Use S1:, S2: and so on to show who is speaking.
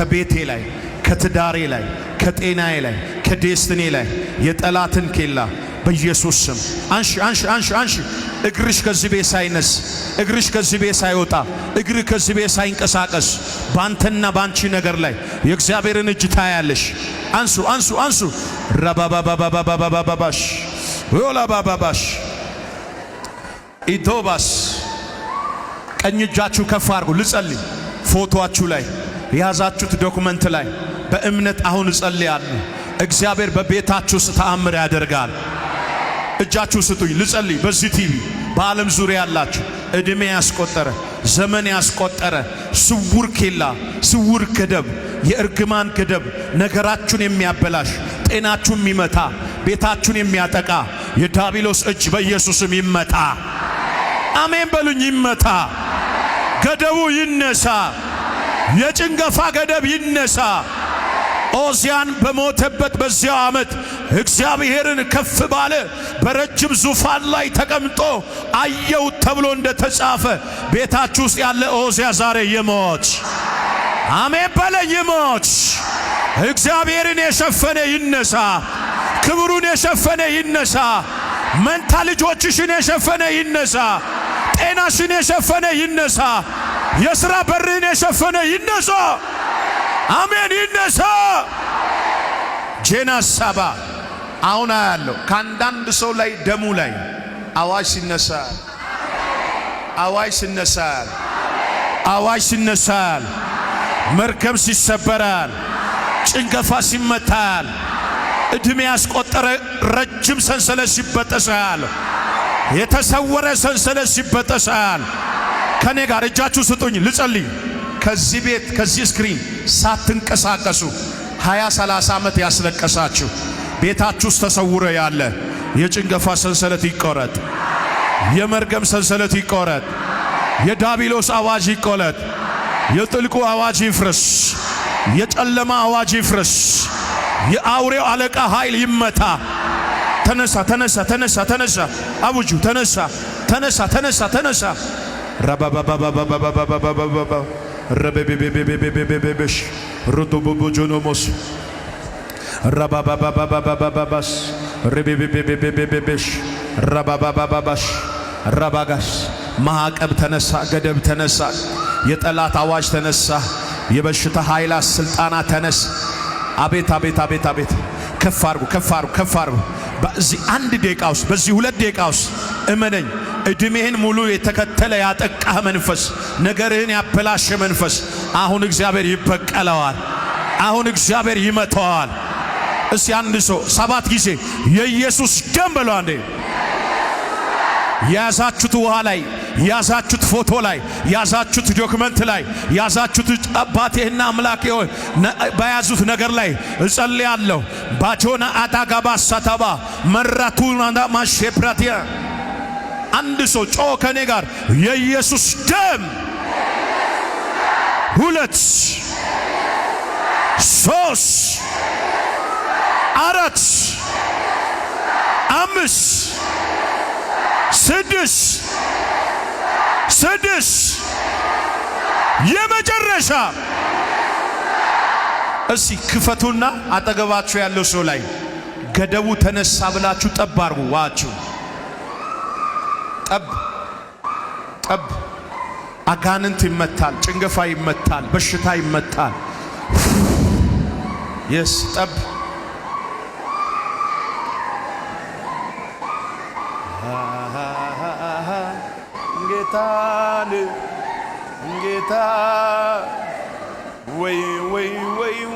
S1: ከቤቴ ላይ ከትዳሬ ላይ ከጤናዬ ላይ ከዴስትኔ ላይ የጠላትን ኬላ በኢየሱስ ስም አንሺ አንሺ አንሺ አንሺ። እግርሽ ከዚህ ቤት ሳይነስ እግርሽ ከዚህ ቤት ሳይወጣ እግር ከዚህ ቤት ሳይንቀሳቀስ ባንተና ባንቺ ነገር ላይ የእግዚአብሔርን እጅ ታያለሽ። አንሱ አንሱ አንሱ። ረባባባባባባባባሽ ወላባባባሽ ኢቶባስ ቀኝ እጃችሁ ከፍ አድርጉ። ልጸልይ ፎቶአችሁ ላይ የያዛችሁት ዶኩመንት ላይ በእምነት አሁን እጸልያለሁ። እግዚአብሔር በቤታችሁ ውስጥ ተአምር ያደርጋል። እጃችሁ ስጡኝ ልጸልይ። በዚህ ቲቪ በዓለም ዙሪያ ያላችሁ ዕድሜ ያስቆጠረ ዘመን ያስቆጠረ ስውር ኬላ፣ ስውር ገደብ፣ የእርግማን ገደብ ነገራችሁን የሚያበላሽ ጤናችሁን የሚመታ ቤታችሁን የሚያጠቃ የዳቢሎስ እጅ በኢየሱስም ይመታ። አሜን በሉኝ። ይመታ፣ ገደቡ ይነሳ። የጭንገፋ ገደብ ይነሳ። ኦዚያን በሞተበት በዚያው ዓመት እግዚአብሔርን ከፍ ባለ በረጅም ዙፋን ላይ ተቀምጦ አየው ተብሎ ተጻፈ ቤታችሁ ውስጥ ያለ ኦዚያ ዛሬ ይሞት። አሜን በለ ይሞት። እግዚአብሔርን የሸፈነ ይነሳ። ክብሩን የሸፈነ ይነሳ። መንታ ልጆችሽን የሸፈነ ይነሳ። ጤናሽን የሸፈነ ይነሳ። የሥራ በርህን የሸፈነ ይነሳ። አሜን፣ ይነሳ። ጄና ሳባ አሁን አያለሁ ከአንዳንድ ሰው ላይ ደሙ ላይ አዋጅ ሲነሳል፣ አዋጅ ሲነሳል፣ አዋጅ ሲነሳል፣ መርከብ ሲሰበራል፣ ጭንገፋ ሲመታል፣ ዕድሜ ያስቆጠረ ረጅም ሰንሰለት ሲበጠሳል፣ የተሰወረ ሰንሰለት ሲበጠሳል። ከኔ ጋር እጃችሁ ስጡኝ ልጸልይ። ከዚህ ቤት ከዚህ ስክሪን ሳትንቀሳቀሱ ሃያ ሰላሳ ዓመት ያስለቀሳችሁ ቤታችሁ ውስጥ ተሰውረ ያለ የጭንገፋ ሰንሰለት ይቆረጥ፣ የመርገም ሰንሰለት ይቆረጥ፣ የዳቢሎስ አዋጅ ይቆረጥ፣ የጥልቁ አዋጅ ይፍረስ፣ የጨለማ አዋጅ ይፍረስ፣ የአውሬው አለቃ ኃይል ይመታ። ተነሳ ተነሳ ተነሳ ተነሳ አቡጁ ተነሳ ተነሳ ተነሳ ተነሳ ረበበበበበበበበበበበበሽ ተነሳ፣ ገደብ ተነሳ፣ የጠላት አዋጅ ተነሳ፣ የበሽታ ኃይላት ስልጣና ተነሳ። አቤት አቤት አቤት አቤት! ከፍ አርጉ፣ ከፍ አርጉ፣ እመነኝ፣ እድሜህን ሙሉ የተከተለ ያጠቃህ መንፈስ፣ ነገርህን ያበላሸ መንፈስ አሁን እግዚአብሔር ይበቀለዋል። አሁን እግዚአብሔር ይመተዋል። እስቲ አንድ ሰው ሰባት ጊዜ የኢየሱስ ደም በለው። አንዴ የያዛችሁት ውሃ ላይ ያዛችሁት ፎቶ ላይ ያዛችሁት ዶክመንት ላይ ያዛችሁት አባቴህና አምላኬ ሆይ በያዙት ነገር ላይ እጸልያለሁ ባቾና አታጋባ ሳታባ መራቱ ማሼፕራቲያ አንድ ሰው ጮ ከኔ ጋር የኢየሱስ ደም። ሁለት ሶስት አራት አምስት ስድስት ስድስት የመጨረሻ እስቲ ክፈቱና አጠገባችሁ ያለው ሰው ላይ ገደቡ ተነሳ ብላችሁ ጠባርጉ ዋችሁ ጠብ ጠብ አጋንንት ይመታል፣ ጭንገፋ ይመታል፣ በሽታ ይመታል። የስ ጠብ ጌታን ጌታ ወይ ወይ ወይ